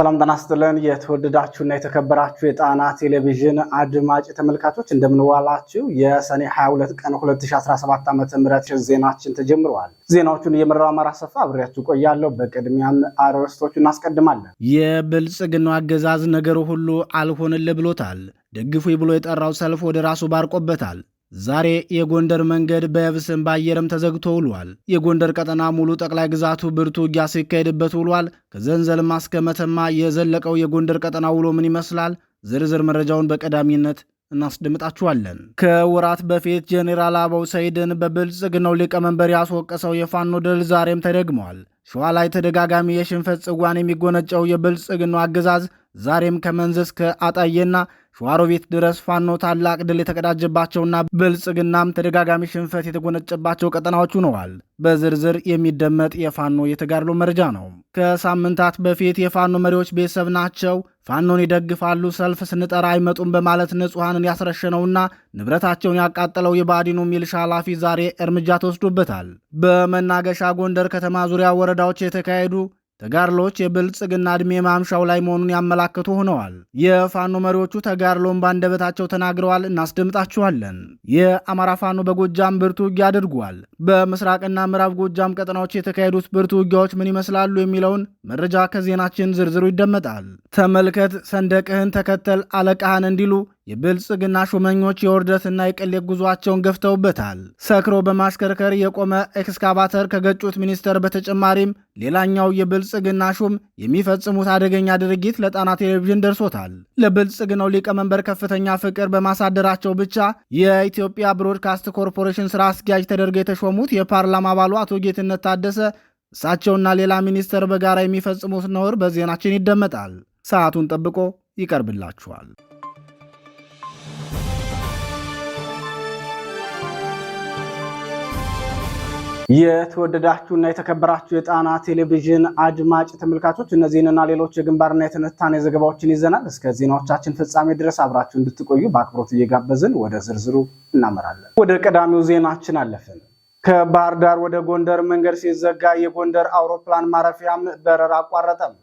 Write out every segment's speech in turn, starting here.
ሰላም ጤና ይስጥልን። የተወደዳችሁና የተከበራችሁ የጣና ቴሌቪዥን አድማጭ ተመልካቾች እንደምንዋላችሁ። የሰኔ 22 ቀን 2017 ዓ.ም ዜናችን ተጀምረዋል። ዜናዎቹን እየመራው አማራ ሰፋ አብሬያችሁ ቆያለሁ። በቅድሚያም አርዕስቶቹ እናስቀድማለን። የብልጽግናው አገዛዝ ነገሩ ሁሉ አልሆንል ብሎታል። ደግፉ ብሎ የጠራው ሰልፍ ወደ ራሱ ባርቆበታል። ዛሬ የጎንደር መንገድ በየብስም በአየርም ተዘግቶ ውሏል። የጎንደር ቀጠና ሙሉ ጠቅላይ ግዛቱ ብርቱ ውጊያ ሲካሄድበት ውሏል። ከዘንዘልማ እስከ መተማ የዘለቀው የጎንደር ቀጠና ውሎ ምን ይመስላል? ዝርዝር መረጃውን በቀዳሚነት እናስደምጣችኋለን። ከወራት በፊት ጄኔራል አበው ሰይድን በብልጽግናው ሊቀመንበር ያስወቀሰው የፋኖ ድል ዛሬም ተደግመዋል። ሸዋ ላይ ተደጋጋሚ የሽንፈት ጽዋን የሚጎነጨው የብልጽግናው አገዛዝ ዛሬም ከመንዝ እስከ አጣዬና ሸዋሮቢት ድረስ ፋኖ ታላቅ ድል የተቀዳጀባቸውና ብልጽግናም ተደጋጋሚ ሽንፈት የተጎነጨባቸው ቀጠናዎች ሆነዋል። በዝርዝር የሚደመጥ የፋኖ የተጋድሎ መረጃ ነው። ከሳምንታት በፊት የፋኖ መሪዎች ቤተሰብ ናቸው፣ ፋኖን ይደግፋሉ፣ ሰልፍ ስንጠራ አይመጡም በማለት ንጹሐንን ያስረሸነውና ንብረታቸውን ያቃጠለው የባዲኑ ሚልሻ ኃላፊ ዛሬ እርምጃ ተወስዶበታል። በመናገሻ ጎንደር ከተማ ዙሪያ ወረዳዎች የተካሄዱ ተጋድሎች የብልጽግና ዕድሜ ማምሻው ላይ መሆኑን ያመላክቱ ሆነዋል። የፋኖ መሪዎቹ ተጋድሎን ባንደበታቸው ተናግረዋል። እናስደምጣችኋለን። የአማራ ፋኖ በጎጃም ብርቱ ውጊያ አድርጓል። በምስራቅና ምዕራብ ጎጃም ቀጠናዎች የተካሄዱት ብርቱ ውጊያዎች ምን ይመስላሉ የሚለውን መረጃ ከዜናችን ዝርዝሩ ይደመጣል። ተመልከት ሰንደቅህን፣ ተከተል አለቃህን እንዲሉ የብልጽግና ሹመኞች የውርደትና የቅሌት ጉዟቸውን ገፍተውበታል። ሰክሮ በማሽከርከር የቆመ ኤክስካቫተር ከገጩት ሚኒስተር በተጨማሪም ሌላኛው የብልጽግና ሹም የሚፈጽሙት አደገኛ ድርጊት ለጣና ቴሌቪዥን ደርሶታል። ለብልጽግናው ሊቀመንበር ከፍተኛ ፍቅር በማሳደራቸው ብቻ የኢትዮጵያ ብሮድካስት ኮርፖሬሽን ስራ አስኪያጅ ተደርገው የተሾሙት የፓርላማ አባሉ አቶ ጌትነት ታደሰ እሳቸውና ሌላ ሚኒስተር በጋራ የሚፈጽሙት ነውር በዜናችን ይደመጣል። ሰዓቱን ጠብቆ ይቀርብላችኋል። የተወደዳችሁና የተከበራችሁ የጣና ቴሌቪዥን አድማጭ ተመልካቾች እነዚህንና ሌሎች የግንባርና የትንታኔ ዘገባዎችን ይዘናል። እስከ ዜናዎቻችን ፍጻሜ ድረስ አብራችሁ እንድትቆዩ በአክብሮት እየጋበዝን ወደ ዝርዝሩ እናመራለን። ወደ ቀዳሚው ዜናችን አለፍን። ከባህር ዳር ወደ ጎንደር መንገድ ሲዘጋ የጎንደር አውሮፕላን ማረፊያም በረራ አቋረጠም።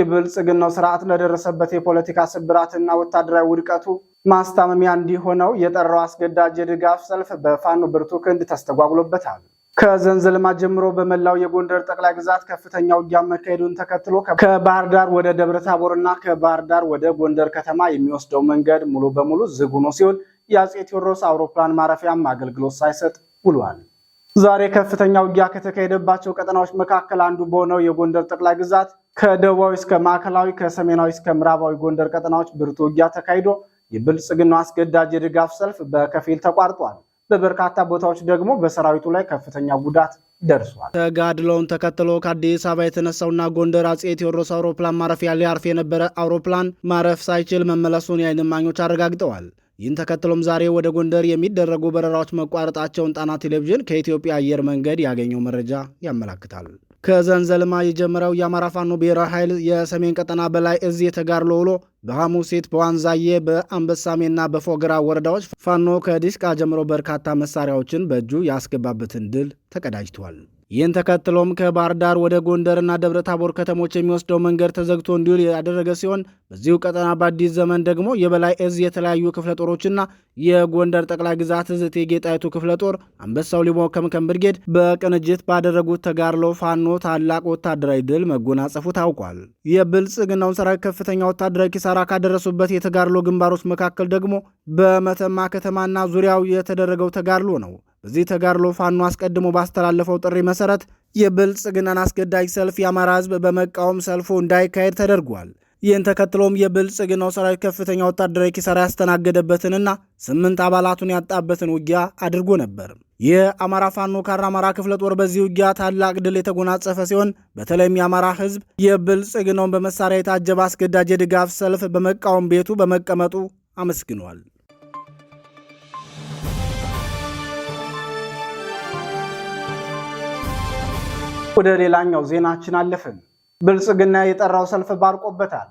የብልጽግናው ስርዓት ለደረሰበት የፖለቲካ ስብራትና ወታደራዊ ውድቀቱ ማስታመሚያ እንዲሆነው የጠራው አስገዳጅ የድጋፍ ሰልፍ በፋኖ ብርቱ ክንድ ተስተጓጉሎበታል። ከዘንዘልማ ጀምሮ በመላው የጎንደር ጠቅላይ ግዛት ከፍተኛ ውጊያ መካሄዱን ተከትሎ ከባህር ዳር ወደ ደብረ ና ከባህር ዳር ወደ ጎንደር ከተማ የሚወስደው መንገድ ሙሉ በሙሉ ዝግ ሆኖ ሲሆን የአጼ ቴዎድሮስ አውሮፕላን ማረፊያም አገልግሎት ሳይሰጥ ውሏል። ዛሬ ከፍተኛ ውጊያ ከተካሄደባቸው ቀጠናዎች መካከል አንዱ በሆነው የጎንደር ጠቅላይ ግዛት ከደቡባዊ እስከ ማዕከላዊ፣ ከሰሜናዊ እስከ ምዕራባዊ ጎንደር ቀጠናዎች ብርቱ ውጊያ ተካሂዶ የብልጽግናው አስገዳጅ የድጋፍ ሰልፍ በከፊል ተቋርጧል። በበርካታ ቦታዎች ደግሞ በሰራዊቱ ላይ ከፍተኛ ጉዳት ደርሷል። ተጋድሎውን ተከትሎ ከአዲስ አበባ የተነሳውና ጎንደር አጼ ቴዎድሮስ አውሮፕላን ማረፊያ ሊያርፍ የነበረ አውሮፕላን ማረፍ ሳይችል መመለሱን የዓይን እማኞች አረጋግጠዋል። ይህን ተከትሎም ዛሬ ወደ ጎንደር የሚደረጉ በረራዎች መቋረጣቸውን ጣና ቴሌቪዥን ከኢትዮጵያ አየር መንገድ ያገኘው መረጃ ያመላክታል። ከዘንዘልማ የጀመረው የአማራ ፋኖ ብሔራዊ ኃይል የሰሜን ቀጠና በላይ እዝ የተጋድሎ ውሎ በሐሙሴት በዋንዛዬ በአንበሳሜና በፎገራ ወረዳዎች ፋኖ ከዲስቃ ጀምሮ በርካታ መሳሪያዎችን በእጁ ያስገባበትን ድል ተቀዳጅቷል። ይህን ተከትሎም ከባህር ዳር ወደ ጎንደርና ደብረ ታቦር ከተሞች የሚወስደው መንገድ ተዘግቶ እንዲውል ያደረገ ሲሆን በዚሁ ቀጠና በአዲስ ዘመን ደግሞ የበላይ እዝ የተለያዩ ክፍለ ጦሮችና የጎንደር ጠቅላይ ግዛት እዝ እቴጌ ጣይቱ ክፍለ ጦር አንበሳው ሊሞ ከምከም ብርጌድ በቅንጅት ባደረጉት ተጋድሎ ፋኖ ታላቅ ወታደራዊ ድል መጎናጸፉ ታውቋል። የብልጽግናውን ሰራዊት ከፍተኛ ወታደራዊ ኪሳራ ካደረሱበት የተጋድሎ ግንባሮች መካከል ደግሞ በመተማ ከተማና ዙሪያው የተደረገው ተጋድሎ ነው። በዚህ ተጋድሎ ፋኖ አስቀድሞ ባስተላለፈው ጥሪ መሰረት የብልጽግናን አስገዳጅ ሰልፍ የአማራ ህዝብ በመቃወም ሰልፉ እንዳይካሄድ ተደርጓል። ይህን ተከትሎም የብልጽግናው ሰራዊት ከፍተኛ ወታደራዊ ኪሳራ ያስተናገደበትንና ስምንት አባላቱን ያጣበትን ውጊያ አድርጎ ነበር። የአማራ ፋኖ ካራ አማራ ክፍለ ጦር በዚህ ውጊያ ታላቅ ድል የተጎናጸፈ ሲሆን በተለይም የአማራ ህዝብ የብልጽግናውን በመሳሪያ የታጀበ አስገዳጅ የድጋፍ ሰልፍ በመቃወም ቤቱ በመቀመጡ አመስግኗል። ወደ ሌላኛው ዜናችን አለፍን። ብልጽግና የጠራው ሰልፍ ባርቆበታል።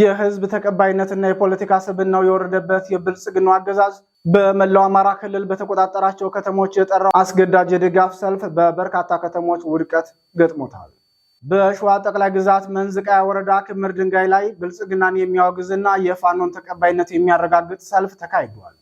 የህዝብ ተቀባይነትና የፖለቲካ ስብናው የወረደበት የብልጽግናው አገዛዝ በመላው አማራ ክልል በተቆጣጠራቸው ከተሞች የጠራው አስገዳጅ የድጋፍ ሰልፍ በበርካታ ከተሞች ውድቀት ገጥሞታል። በሸዋ ጠቅላይ ግዛት መንዝቃያ ወረዳ ክምር ድንጋይ ላይ ብልጽግናን የሚያወግዝና የፋኖን ተቀባይነት የሚያረጋግጥ ሰልፍ ተካሂዷል።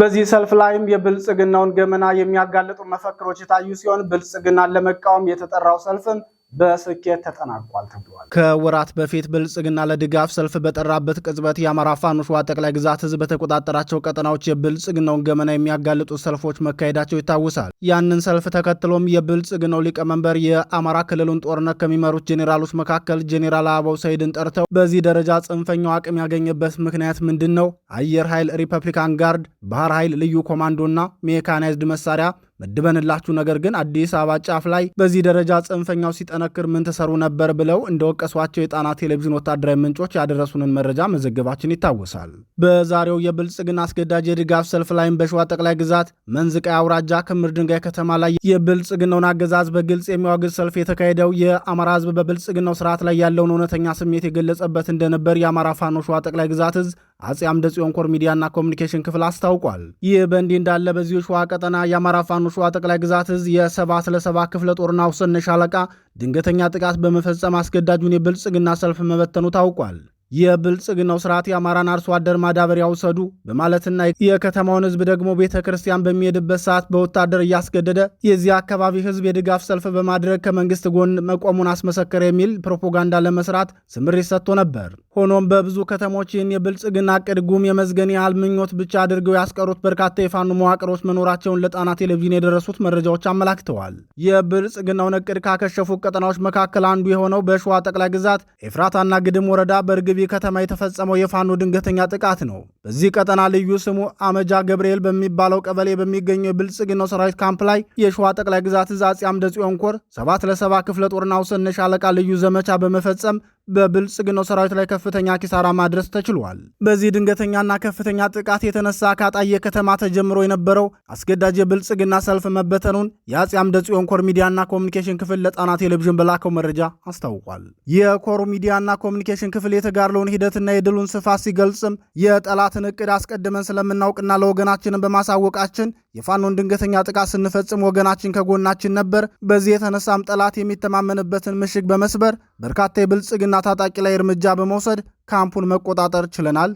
በዚህ ሰልፍ ላይም የብልጽግናውን ገመና የሚያጋልጡ መፈክሮች የታዩ ሲሆን ብልጽግናን ለመቃወም የተጠራው ሰልፍም በስኬት ተጠናቋል ተብሏል። ከወራት በፊት ብልጽግና ለድጋፍ ሰልፍ በጠራበት ቅጽበት የአማራ ፋኖ ሸዋ ጠቅላይ ግዛት ህዝብ በተቆጣጠራቸው ቀጠናዎች የብልጽግናውን ገመና የሚያጋልጡ ሰልፎች መካሄዳቸው ይታወሳል። ያንን ሰልፍ ተከትሎም የብልጽግናው ሊቀመንበር የአማራ ክልሉን ጦርነት ከሚመሩት ጄኔራሎች መካከል ጄኔራል አበባው ሰይድን ጠርተው በዚህ ደረጃ ጽንፈኛው አቅም ያገኘበት ምክንያት ምንድን ነው? አየር ኃይል፣ ሪፐብሊካን ጋርድ፣ ባህር ኃይል ልዩ ኮማንዶና ሜካናይዝድ መሳሪያ መድበንላችሁ፣ ነገር ግን አዲስ አበባ ጫፍ ላይ በዚህ ደረጃ ጽንፈኛው ሲጠነክር ምን ትሰሩ ነበር ብለው እንደወቀሷቸው የጣና ቴሌቪዥን ወታደራዊ ምንጮች ያደረሱንን መረጃ መዘገባችን ይታወሳል። በዛሬው የብልጽግና አስገዳጅ የድጋፍ ሰልፍ ላይም በሸዋ ጠቅላይ ግዛት መንዝቃይ አውራጃ ክምር ድንጋይ ከተማ ላይ የብልጽግናውን አገዛዝ በግልጽ የሚዋግዝ ሰልፍ የተካሄደው የአማራ ህዝብ በብልጽግናው ስርዓት ላይ ያለውን እውነተኛ ስሜት የገለጸበት እንደነበር የአማራ ፋኖ ሸዋ ጠቅላይ ግዛት እዝ አጼ አምደ ጽዮን ኮር ሚዲያና ኮሚኒኬሽን ክፍል አስታውቋል። ይህ በእንዲህ እንዳለ በዚሁ ሸዋ ቀጠና የአማራ ፋኖ ሸዋ ጠቅላይ ግዛት እዝ የሰባ ስለ ሰባ ክፍለ ጦርና ውሰነ ሻለቃ ድንገተኛ ጥቃት በመፈጸም አስገዳጁን የብልጽግና ሰልፍ መበተኑ ታውቋል። የብልጽግናው ስርዓት የአማራን አርሶ አደር ማዳበሪያ ውሰዱ በማለትና የከተማውን ህዝብ ደግሞ ቤተ ክርስቲያን በሚሄድበት ሰዓት በወታደር እያስገደደ የዚህ አካባቢ ህዝብ የድጋፍ ሰልፍ በማድረግ ከመንግስት ጎን መቆሙን አስመሰከረ የሚል ፕሮፓጋንዳ ለመስራት ስምሪት ሰጥቶ ነበር። ሆኖም በብዙ ከተሞች ይህን የብልጽግና እቅድ ጉም የመዝገን ያህል ምኞት ብቻ አድርገው ያስቀሩት በርካታ የፋኖ መዋቅሮች መኖራቸውን ለጣና ቴሌቪዥን የደረሱት መረጃዎች አመላክተዋል። የብልጽግናውን ዕቅድ ካከሸፉት ቀጠናዎች መካከል አንዱ የሆነው በሸዋ ጠቅላይ ግዛት ኤፍራታና ግድም ወረዳ በእርግቢ ከተማ የተፈጸመው የፋኖ ድንገተኛ ጥቃት ነው። በዚህ ቀጠና ልዩ ስሙ አመጃ ገብርኤል በሚባለው ቀበሌ በሚገኘው የብልጽግናው ሰራዊት ካምፕ ላይ የሸዋ ጠቅላይ ግዛት እዝ አፄ አምደ ጽዮን ኮር ሰባት ለሰባ ክፍለ ጦርና ውሰነ ሻለቃ ልዩ ዘመቻ በመፈጸም በብልጽግናው ሰራዊት ላይ ከፍተኛ ኪሳራ ማድረስ ተችሏል። በዚህ ድንገተኛና ከፍተኛ ጥቃት የተነሳ ካጣየ ከተማ ተጀምሮ የነበረው አስገዳጅ የብልጽግና ሰልፍ መበተኑን የአጼ አምደ ጽዮን ኮር ሚዲያና ኮሚኒኬሽን ክፍል ለጣና ቴሌቪዥን በላከው መረጃ አስታውቋል። የኮሩ ሚዲያና ኮሚኒኬሽን ክፍል የተጋድለውን ሂደትና የድሉን ስፋት ሲገልጽም የጠላትን እቅድ አስቀድመን ስለምናውቅና ለወገናችንን በማሳወቃችን የፋኖን ድንገተኛ ጥቃት ስንፈጽም ወገናችን ከጎናችን ነበር። በዚህ የተነሳም ጠላት የሚተማመንበትን ምሽግ በመስበር በርካታ የብልጽግና ታጣቂ ላይ እርምጃ በመውሰድ ካምፑን መቆጣጠር ችለናል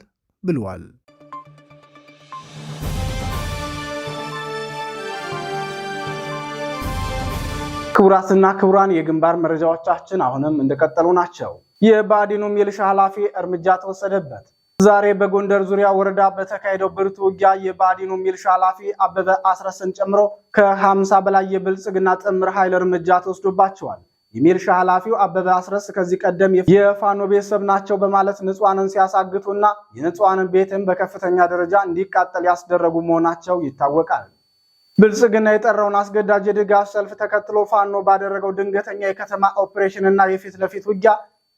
ብለዋል። ክቡራትና ክቡራን የግንባር መረጃዎቻችን አሁንም እንደቀጠሉ ናቸው። የባዲኑ ሚልሻ ኃላፊ እርምጃ ተወሰደበት። ዛሬ በጎንደር ዙሪያ ወረዳ በተካሄደው ብርቱ ውጊያ የባዲኑ ሚልሻ ኃላፊ አበበ አስረስን ጨምሮ ከ በላይ የብልጽግና ጥምር ኃይል እርምጃ ተወስዶባቸዋል። የሚልሻ ኃላፊው አበበ አስረስ ከዚህ ቀደም የፋኖ ቤተሰብ ናቸው በማለት ንጹሐንን ሲያሳግቱና የንጹሐንን ቤትን በከፍተኛ ደረጃ እንዲቃጠል ያስደረጉ መሆናቸው ይታወቃል። ብልጽግና የጠራውን አስገዳጅ የድጋፍ ሰልፍ ተከትሎ ፋኖ ባደረገው ድንገተኛ የከተማ ኦፕሬሽን እና የፊት ለፊት ውጊያ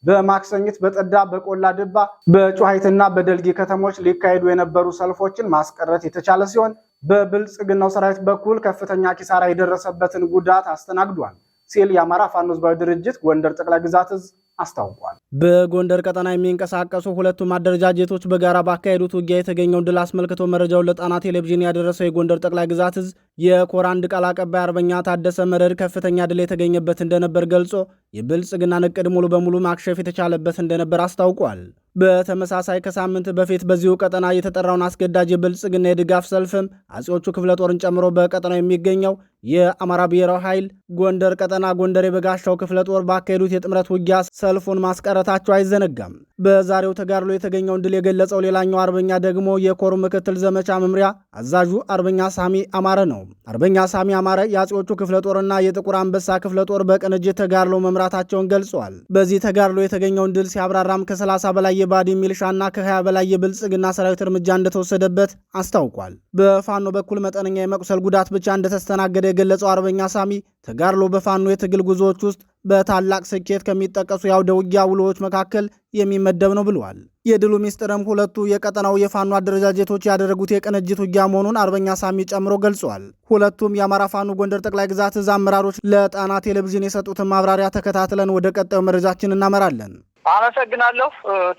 በማክሰኝት በጠዳ በቆላ ድባ በጩሀይትና በደልጊ ከተሞች ሊካሄዱ የነበሩ ሰልፎችን ማስቀረት የተቻለ ሲሆን በብልጽግናው ሰራዊት በኩል ከፍተኛ ኪሳራ የደረሰበትን ጉዳት አስተናግዷል። ሲል የአማራ ፋኖ ህዝባዊ ድርጅት ጎንደር ጠቅላይ ግዛት እዝ አስታውቋል። በጎንደር ቀጠና የሚንቀሳቀሱ ሁለቱም አደረጃጀቶች በጋራ ባካሄዱት ውጊያ የተገኘውን ድል አስመልክቶ መረጃውን ለጣና ቴሌቪዥን ያደረሰው የጎንደር ጠቅላይ ግዛት እዝ የኮር አንድ ቃል አቀባይ አርበኛ ታደሰ መረድ ከፍተኛ ድል የተገኘበት እንደነበር ገልጾ የብልጽግናን እቅድ ሙሉ በሙሉ ማክሸፍ የተቻለበት እንደነበር አስታውቋል። በተመሳሳይ ከሳምንት በፊት በዚሁ ቀጠና የተጠራውን አስገዳጅ የብልጽግና የድጋፍ ሰልፍም አጼዎቹ ክፍለ ጦርን ጨምሮ በቀጠናው የሚገኘው የአማራ ብሔራዊ ኃይል ጎንደር ቀጠና ጎንደር የበጋሻው ክፍለ ጦር ባካሄዱት የጥምረት ውጊያ ሰልፉን ማስቀረታቸው አይዘነጋም። በዛሬው ተጋድሎ የተገኘውን ድል የገለጸው ሌላኛው አርበኛ ደግሞ የኮሩ ምክትል ዘመቻ መምሪያ አዛዡ አርበኛ ሳሚ አማረ ነው። አርበኛ ሳሚ አማረ የአጼዎቹ ክፍለ ጦርና የጥቁር አንበሳ ክፍለ ጦር በቅንጅት ተጋድሎ መምራታቸውን ገልጿል። በዚህ ተጋድሎ የተገኘውን ድል ሲያብራራም ከ30 በላይ የባዲ ሚልሻና ከ20 በላይ የብልጽግና ሰራዊት እርምጃ እንደተወሰደበት አስታውቋል። በፋኖ በኩል መጠነኛ የመቁሰል ጉዳት ብቻ እንደተስተናገደ የገለጸው አርበኛ ሳሚ ተጋድሎ በፋኖ የትግል ጉዞዎች ውስጥ በታላቅ ስኬት ከሚጠቀሱ የአውደ ውጊያ ውሎዎች መካከል የሚመደብ ነው ብለዋል። የድሉ ሚስጥርም ሁለቱ የቀጠናው የፋኖ አደረጃጀቶች ያደረጉት የቅንጅት ውጊያ መሆኑን አርበኛ ሳሚ ጨምሮ ገልጿል። ሁለቱም የአማራ ፋኖ ጎንደር ጠቅላይ ግዛት እዝ አመራሮች ለጣና ቴሌቪዥን የሰጡትን ማብራሪያ ተከታትለን ወደ ቀጣዩ መረጃችን እናመራለን። አመሰግናለሁ።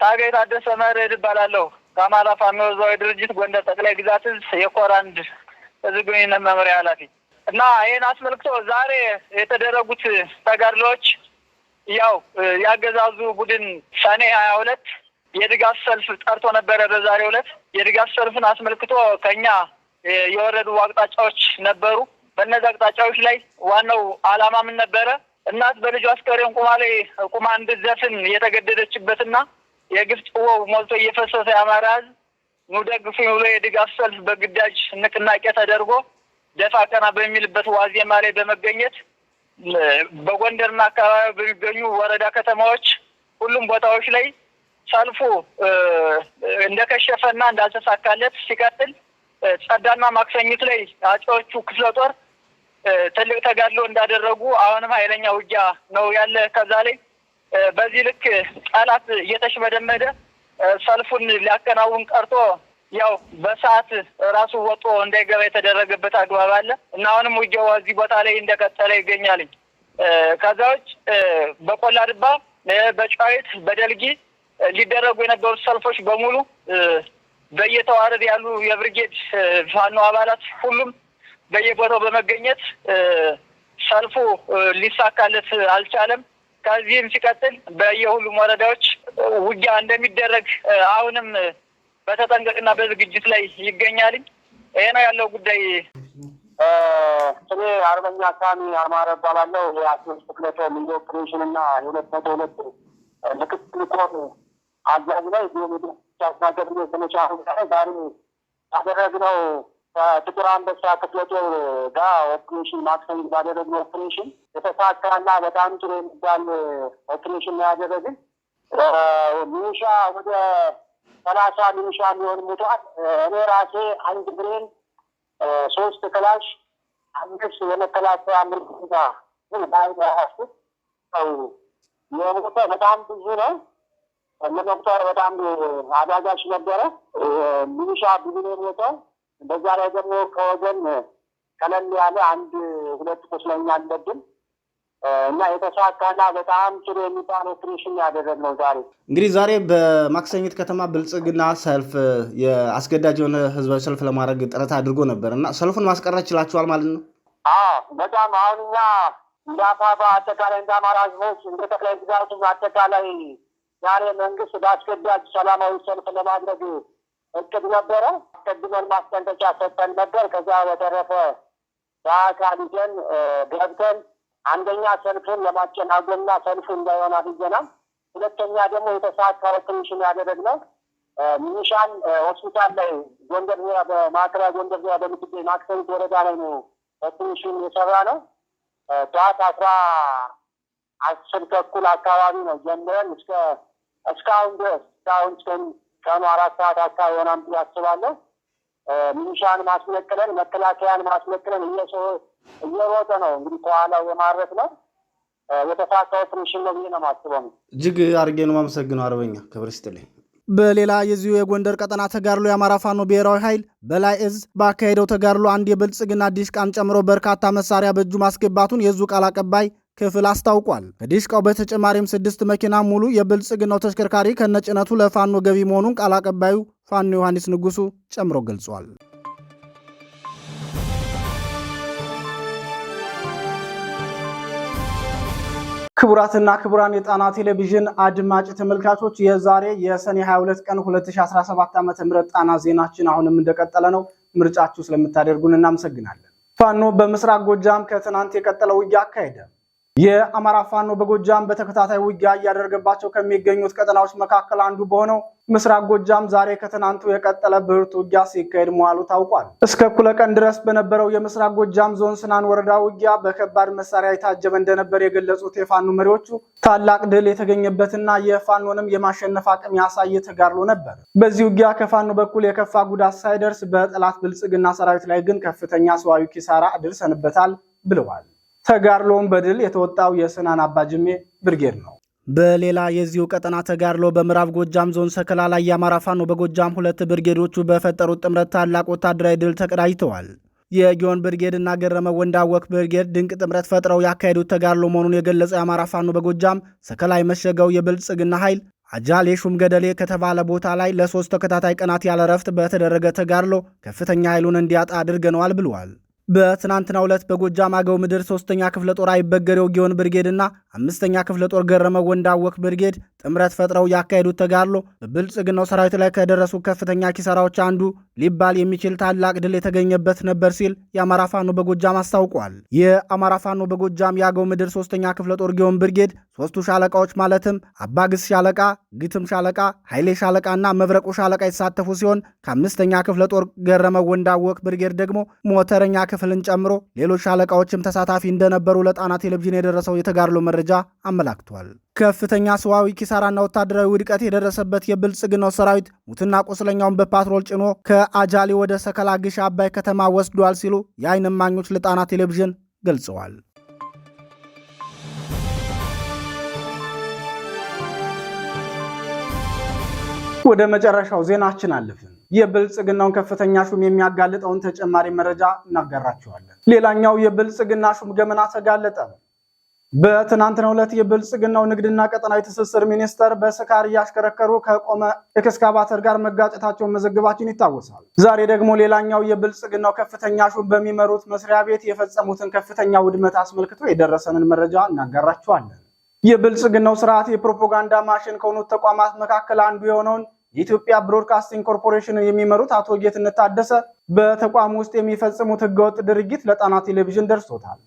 ታጋይ ታደሰ መሬድ እባላለሁ። ከአማራ ፋኖ ህዝባዊ ድርጅት ጎንደር ጠቅላይ ግዛት እዝ የኮር አንድ ህዝብ ግንኙነት መምሪያ ኃላፊ እና ይህን አስመልክቶ ዛሬ የተደረጉት ተጋድሎዎች ያው ያገዛዙ ቡድን ሰኔ ሀያ ሁለት የድጋፍ ሰልፍ ጠርቶ ነበረ። በዛሬ ሁለት የድጋፍ ሰልፍን አስመልክቶ ከኛ የወረዱ አቅጣጫዎች ነበሩ። በእነዚህ አቅጣጫዎች ላይ ዋናው አላማ ምን ነበረ? እናት በልጇ አስከሬን ቁማ ላይ ቁማ እንድትዘፍን የተገደደችበትና የግፍ ጽዋው ሞልቶ እየፈሰሰ የአማራ ሕዝብ ኑ ደግፉኝ ብሎ የድጋፍ ሰልፍ በግዳጅ ንቅናቄ ተደርጎ ደፋ ቀና በሚልበት ዋዜማ ላይ በመገኘት በጎንደርና አካባቢ በሚገኙ ወረዳ ከተማዎች ሁሉም ቦታዎች ላይ ሰልፉ እንደከሸፈና እንዳልተሳካለት ሲቀጥል ጸዳና ማክሰኝት ላይ አፄዎቹ ክፍለ ጦር ትልቅ ተጋድሎ እንዳደረጉ አሁንም ኃይለኛ ውጊያ ነው ያለ። ከዛ ላይ በዚህ ልክ ጠላት እየተሽመደመደ ሰልፉን ሊያከናውን ቀርቶ ያው በሰዓት ራሱ ወጦ እንዳይገባ የተደረገበት አግባብ አለ እና አሁንም ውጊያው እዚህ ቦታ ላይ እንደቀጠለ ይገኛልኝ። ከዛዎች በቆላ ድባ፣ በጨዋይት፣ በደልጊ ሊደረጉ የነበሩ ሰልፎች በሙሉ በየተዋረድ ያሉ የብርጌድ ፋኖ አባላት ሁሉም በየቦታው በመገኘት ሰልፉ ሊሳካለት አልቻለም። ከዚህም ሲቀጥል በየሁሉም ወረዳዎች ውጊያ እንደሚደረግ አሁንም በተጠንቀቅና በዝግጅት ላይ ይገኛል። ይሄ ነው ያለው ጉዳይ። እኔ አርበኛ ሳሚ አማረ እባላለሁ። የአስመስ ክፍለተ ሚሊ ኦፕሬሽን እና የሁለት መቶ ሁለት ምክትል ኮር አዛዥ ላይ ሜድቻናገር ዘመቻ ዛሬ ያደረግነው ጥቁር አንበሳ ክፍለ ጦር ጋር ኦፕሬሽን ማክሰኞ ባደረግነው ኦፕሬሽን የተሳካና በጣም ጥሩ የሚባል ኦፕሬሽን ነው ያደረግን ሚኒሻ ወደ ሰላሳ ሚሊሻ የሚሆን ሙቷል። እኔ ራሴ አንድ ብሬን፣ ሶስት ክላሽ፣ አምስት የመከላከያ ምርኮኛ በአይን የሞተ በጣም ብዙ ነው። ለመቁጠር በጣም አዳጋች ነበረ። ሚሊሻ ብዙ ነው የሞተው። በዛ ላይ ደግሞ ከወገን ቀለል ያለ አንድ ሁለት ቁስለኛ አለብን። እና የተሳካና በጣም ጥሩ የሚባል ኦፕሬሽን ያደረግነው ዛሬ። እንግዲህ ዛሬ በማክሰኝት ከተማ ብልጽግና ሰልፍ የአስገዳጅ የሆነ ህዝባዊ ሰልፍ ለማድረግ ጥረት አድርጎ ነበር እና ሰልፉን ማስቀረት ችላችኋል ማለት ነው? በጣም አሁን እኛ እንደ አፋባ አጠቃላይ እንደ አማራ ህዝቦች እንደ ጠቅላይ ግዛቱ አጠቃላይ ዛሬ መንግስት በአስገዳጅ ሰላማዊ ሰልፍ ለማድረግ እቅድ ነበረ። አስቀድመን ማስጠንቀቂያ ሰጠን ነበር። ከዛ በተረፈ በአካል ይዘን ገብተን አንደኛ ሰልፍን ለማጨናገና ሰልፍ እንዳይሆን አድርገናል። ሁለተኛ ደግሞ የተሳካ ትንሽን ያደረግነው ሚኒሻን ሆስፒታል ላይ ጎንደር ዙሪያ በማዕከላዊ ጎንደር ዙሪያ በምትገኝ ማክሰኝት ወረዳ ላይ ነው በትንሽን የሰራ ነው። ጠዋት አስራ አስር ተኩል አካባቢ ነው ጀምረን እስከ እስካሁን ድረስ እስካሁን እስከ ቀኑ አራት ሰዓት አካባቢ ሆናም አስባለሁ። ሚኒሻን ማስመቅለን መከላከያን ማስመቅለን እየሰ እየሮጠ ነው እንግዲህ ከኋላ የማድረግ ነው የተሳካው ትንሽ ነው ብዬ ነው የማስበው። እጅግ አድርጌ ነው የማመሰግነው አርበኛ ክብር ይስጥልኝ። በሌላ የዚሁ የጎንደር ቀጠና ተጋድሎ የአማራ ፋኖ ብሔራዊ ኃይል በላይ እዝ ባካሄደው ተጋድሎ አንድ የብልጽግና ዲሽቃን ጨምሮ በርካታ መሳሪያ በእጁ ማስገባቱን የእዙ ቃል አቀባይ ክፍል አስታውቋል። ከዲሽቃው በተጨማሪም ስድስት መኪና ሙሉ የብልጽግናው ተሽከርካሪ ከነጭነቱ ለፋኖ ገቢ መሆኑን ቃል አቀባዩ ፋኖ ዮሐንስ ንጉሱ ጨምሮ ገልጿል። ክቡራትና ክቡራን የጣና ቴሌቪዥን አድማጭ ተመልካቾች የዛሬ የሰኔ 22 ቀን 2017 ዓ.ም ጣና ዜናችን አሁንም እንደቀጠለ ነው። ምርጫችሁ ስለምታደርጉን እናመሰግናለን። ፋኖ በምስራቅ ጎጃም ከትናንት የቀጠለው ውጊያ አካሄደ። የአማራ ፋኖ በጎጃም በተከታታይ ውጊያ እያደረገባቸው ከሚገኙት ቀጠናዎች መካከል አንዱ በሆነው ምስራቅ ጎጃም ዛሬ ከትናንቱ የቀጠለ ብርቱ ውጊያ ሲካሄድ መዋሉ ታውቋል። እስከ እኩለ ቀን ድረስ በነበረው የምስራቅ ጎጃም ዞን ስናን ወረዳ ውጊያ በከባድ መሳሪያ የታጀበ እንደነበር የገለጹት የፋኖ መሪዎቹ ታላቅ ድል የተገኘበትና የፋኖንም የማሸነፍ አቅም ያሳየ ተጋድሎ ነበር። በዚህ ውጊያ ከፋኖ በኩል የከፋ ጉዳት ሳይደርስ በጠላት ብልጽግና ሰራዊት ላይ ግን ከፍተኛ ሰዋዊ ኪሳራ ድርሰንበታል ብለዋል። ተጋድሎውን በድል የተወጣው የስናን አባጅሜ ብርጌድ ነው። በሌላ የዚሁ ቀጠና ተጋድሎ በምዕራብ ጎጃም ዞን ሰከላ ላይ የአማራ ፋኖ በጎጃም ሁለት ብርጌዶቹ በፈጠሩት ጥምረት ታላቅ ወታደራዊ ድል ተቀዳጅተዋል። የጊዮን ብርጌድ እና ገረመው ወንዳወክ ብርጌድ ድንቅ ጥምረት ፈጥረው ያካሄዱት ተጋድሎ መሆኑን የገለጸው የአማራ ፋኖ በጎጃም ሰከላ የመሸገው የብልጽግና ኃይል አጃሌ ሹም ገደሌ ከተባለ ቦታ ላይ ለሶስት ተከታታይ ቀናት ያለ ረፍት በተደረገ ተጋድሎ ከፍተኛ ኃይሉን እንዲያጣ አድርገነዋል ብለዋል። በትናንትና ዕለት በጎጃም አገው ምድር ሶስተኛ ክፍለ ጦር አይበገሬው ጊዮን ብርጌድና አምስተኛ ክፍለ ጦር ገረመ ወንዳወክ ብርጌድ ጥምረት ፈጥረው ያካሄዱት ተጋድሎ በብልጽግናው ሰራዊት ላይ ከደረሱ ከፍተኛ ኪሳራዎች አንዱ ሊባል የሚችል ታላቅ ድል የተገኘበት ነበር ሲል የአማራ ፋኖ በጎጃም አስታውቋል። የአማራ ፋኖ በጎጃም የአገው ምድር ሶስተኛ ክፍለ ጦር ጊዮን ብርጌድ ሶስቱ ሻለቃዎች ማለትም አባግስ ሻለቃ፣ ግትም ሻለቃ፣ ኃይሌ ሻለቃና መብረቁ ሻለቃ የተሳተፉ ሲሆን ከአምስተኛ ክፍለ ጦር ገረመው ወንዳወቅ ብርጌድ ደግሞ ሞተረኛ ክፍልን ጨምሮ ሌሎች ሻለቃዎችም ተሳታፊ እንደነበሩ ለጣና ቴሌቪዥን የደረሰው የተጋድሎ መረጃ አመላክቷል። ከፍተኛ ሰዋዊ ኪሳራና ወታደራዊ ውድቀት የደረሰበት የብልጽግናው ሰራዊት ሙትና ቁስለኛውን በፓትሮል ጭኖ ከአጃሊ ወደ ሰከላ ግሽ አባይ ከተማ ወስዷል ሲሉ የአይን እማኞች ለጣና ቴሌቪዥን ገልጸዋል። ወደ መጨረሻው ዜናችን አለፍን። የብልጽግናውን ከፍተኛ ሹም የሚያጋልጠውን ተጨማሪ መረጃ እናጋራቸዋለን። ሌላኛው የብልጽግና ሹም ገመና ተጋለጠ በትናንትናው ዕለት የብልጽግናው ንግድና ቀጠናዊ ትስስር ሚኒስተር በስካር እያሽከረከሩ ከቆመ ኤክስካቫተር ጋር መጋጨታቸውን መዘግባችን ይታወሳል። ዛሬ ደግሞ ሌላኛው የብልጽግናው ከፍተኛ ሹም በሚመሩት መስሪያ ቤት የፈጸሙትን ከፍተኛ ውድመት አስመልክቶ የደረሰንን መረጃ እናጋራችኋለን። የብልጽግናው ስርዓት የፕሮፓጋንዳ ማሽን ከሆኑት ተቋማት መካከል አንዱ የሆነውን የኢትዮጵያ ብሮድካስቲንግ ኮርፖሬሽንን የሚመሩት አቶ ጌትነት ታደሰ በተቋም ውስጥ የሚፈጽሙት ህገወጥ ድርጊት ለጣና ቴሌቪዥን ደርሶታል።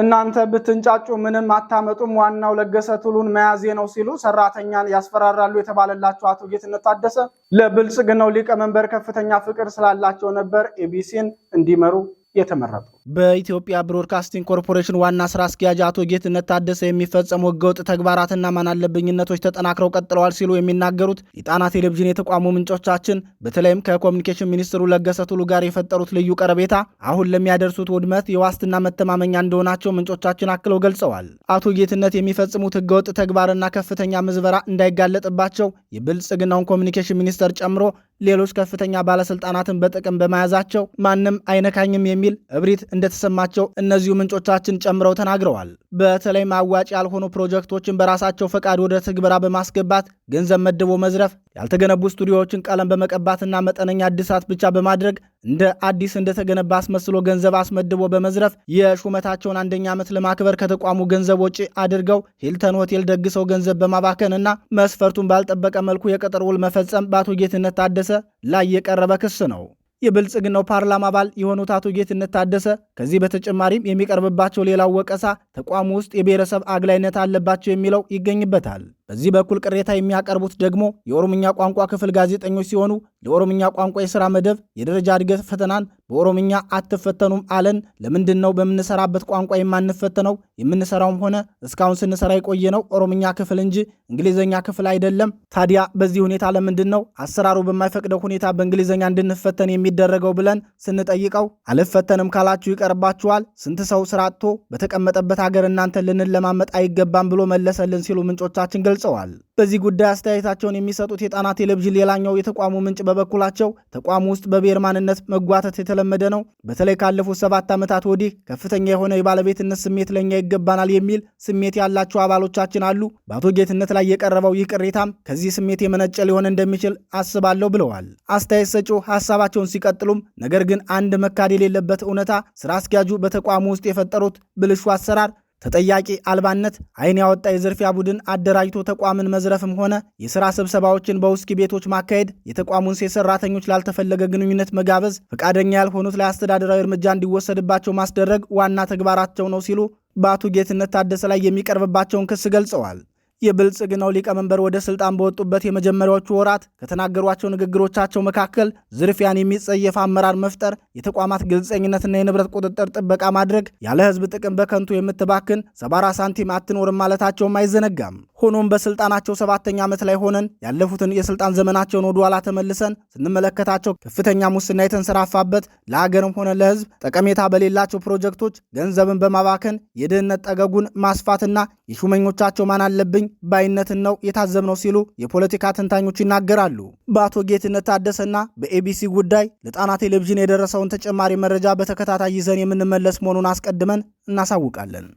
እናንተ ብትንጫጩ ምንም አታመጡም፣ ዋናው ለገሰ ቱሉን መያዜ ነው ሲሉ ሰራተኛን ያስፈራራሉ የተባለላቸው አቶ ጌትነት ታደሰ ለብልጽግናው ሊቀመንበር ከፍተኛ ፍቅር ስላላቸው ነበር ኤቢሲን እንዲመሩ የተመረጡ። በኢትዮጵያ ብሮድካስቲንግ ኮርፖሬሽን ዋና ስራ አስኪያጅ አቶ ጌትነት ታደሰ የሚፈጸሙ ህገወጥ ተግባራትና ማናለብኝነቶች ተጠናክረው ቀጥለዋል ሲሉ የሚናገሩት የጣና ቴሌቪዥን የተቋሙ ምንጮቻችን በተለይም ከኮሚኒኬሽን ሚኒስትሩ ለገሰ ቱሉ ጋር የፈጠሩት ልዩ ቀረቤታ አሁን ለሚያደርሱት ውድመት የዋስትና መተማመኛ እንደሆናቸው ምንጮቻችን አክለው ገልጸዋል። አቶ ጌትነት የሚፈጽሙት ህገወጥ ተግባርና ከፍተኛ ምዝበራ እንዳይጋለጥባቸው የብልጽግናውን ኮሚኒኬሽን ሚኒስተር ጨምሮ ሌሎች ከፍተኛ ባለስልጣናትን በጥቅም በመያዛቸው ማንም አይነካኝም የሚል እብሪት እንደተሰማቸው እነዚሁ ምንጮቻችን ጨምረው ተናግረዋል። በተለይም አዋጭ ያልሆኑ ፕሮጀክቶችን በራሳቸው ፈቃድ ወደ ትግበራ በማስገባት ገንዘብ መድቦ መዝረፍ፣ ያልተገነቡ ስቱዲዮዎችን ቀለም በመቀባትና መጠነኛ እድሳት ብቻ በማድረግ እንደ አዲስ እንደተገነባ አስመስሎ ገንዘብ አስመድቦ በመዝረፍ የሹመታቸውን አንደኛ ዓመት ለማክበር ከተቋሙ ገንዘብ ወጪ አድርገው ሂልተን ሆቴል ደግሰው ገንዘብ በማባከን እና መስፈርቱን ባልጠበቀ መልኩ የቅጥር ውል መፈጸም በአቶ ጌትነት ታደሰ ላይ የቀረበ ክስ ነው። የብልጽግናው ፓርላማ አባል የሆኑት አቶ ጌትነት ታደሰ ከዚህ በተጨማሪም የሚቀርብባቸው ሌላው ወቀሳ ተቋሙ ውስጥ የብሔረሰብ አግላይነት አለባቸው የሚለው ይገኝበታል። በዚህ በኩል ቅሬታ የሚያቀርቡት ደግሞ የኦሮምኛ ቋንቋ ክፍል ጋዜጠኞች ሲሆኑ ለኦሮምኛ ቋንቋ የሥራ መደብ የደረጃ እድገት ፈተናን በኦሮምኛ አትፈተኑም አለን። ለምንድን ነው በምንሰራበት ቋንቋ የማንፈተነው? የምንሰራውም ሆነ እስካሁን ስንሰራ የቆየ ነው ኦሮምኛ ክፍል እንጂ እንግሊዝኛ ክፍል አይደለም። ታዲያ በዚህ ሁኔታ ለምንድን ነው አሰራሩ በማይፈቅደው ሁኔታ በእንግሊዝኛ እንድንፈተን የሚደረገው ብለን ስንጠይቀው አልፈተንም ካላችሁ ይቀርባችኋል፣ ስንት ሰው ስራ አጥቶ በተቀመጠበት ሀገር እናንተ ልንለማመጥ አይገባም ብሎ መለሰልን ሲሉ ምንጮቻችን ገልጸዋል። ገልጸዋል። በዚህ ጉዳይ አስተያየታቸውን የሚሰጡት የጣና ቴሌቪዥን ሌላኛው የተቋሙ ምንጭ በበኩላቸው ተቋሙ ውስጥ በብሔር ማንነት መጓተት የተለመደ ነው። በተለይ ካለፉት ሰባት ዓመታት ወዲህ ከፍተኛ የሆነ የባለቤትነት ስሜት ለእኛ ይገባናል የሚል ስሜት ያላቸው አባሎቻችን አሉ። በአቶ ጌትነት ላይ የቀረበው ይህ ቅሬታም ከዚህ ስሜት የመነጨ ሊሆን እንደሚችል አስባለሁ ብለዋል። አስተያየት ሰጪው ሀሳባቸውን ሲቀጥሉም ነገር ግን አንድ መካድ የሌለበት እውነታ ስራ አስኪያጁ በተቋሙ ውስጥ የፈጠሩት ብልሹ አሰራር ተጠያቂ አልባነት አይን ያወጣ የዝርፊያ ቡድን አደራጅቶ ተቋምን መዝረፍም ሆነ የሥራ ስብሰባዎችን በውስኪ ቤቶች ማካሄድ፣ የተቋሙን ሴት ሰራተኞች ላልተፈለገ ግንኙነት መጋበዝ፣ ፈቃደኛ ያልሆኑት ላይ አስተዳደራዊ እርምጃ እንዲወሰድባቸው ማስደረግ ዋና ተግባራቸው ነው ሲሉ በአቶ ጌትነት ታደሰ ላይ የሚቀርብባቸውን ክስ ገልጸዋል። የብልጽግናው ሊቀመንበር ወደ ስልጣን በወጡበት የመጀመሪያዎቹ ወራት ከተናገሯቸው ንግግሮቻቸው መካከል ዝርፊያን የሚጸየፍ አመራር መፍጠር፣ የተቋማት ግልጸኝነትና የንብረት ቁጥጥር ጥበቃ ማድረግ፣ ያለ ህዝብ ጥቅም በከንቱ የምትባክን ሰባራ ሳንቲም አትኖርም ማለታቸውም አይዘነጋም። ሆኖም በስልጣናቸው ሰባተኛ ዓመት ላይ ሆነን ያለፉትን የስልጣን ዘመናቸውን ወደ ኋላ ተመልሰን ስንመለከታቸው ከፍተኛ ሙስና የተንሰራፋበት ለአገርም ሆነ ለሕዝብ ጠቀሜታ በሌላቸው ፕሮጀክቶች ገንዘብን በማባከን የድህነት ጠገጉን ማስፋትና የሹመኞቻቸው ማን አለብኝ ባይነትን ነው የታዘብነው ሲሉ የፖለቲካ ተንታኞች ይናገራሉ። በአቶ ጌትነት ታደሰና በኤቢሲ ጉዳይ ለጣና ቴሌቪዥን የደረሰውን ተጨማሪ መረጃ በተከታታይ ይዘን የምንመለስ መሆኑን አስቀድመን እናሳውቃለን።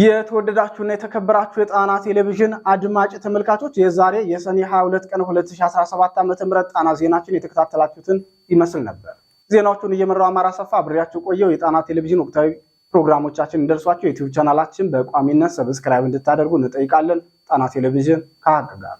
የተወደዳችሁና የተከበራችሁ የጣና ቴሌቪዥን አድማጭ ተመልካቾች የዛሬ የሰኔ 22 ቀን 2017 ዓ.ም ጣና ዜናችን የተከታተላችሁትን ይመስል ነበር። ዜናዎቹን እየመራው አማራ ሰፋ አብሬያችሁ ቆየው። የጣና ቴሌቪዥን ወቅታዊ ፕሮግራሞቻችን እንደርሷቸው ዩቲዩብ ቻናላችን በቋሚነት ሰብስክራይብ እንድታደርጉ እንጠይቃለን። ጣና ቴሌቪዥን ከሀቅ ጋር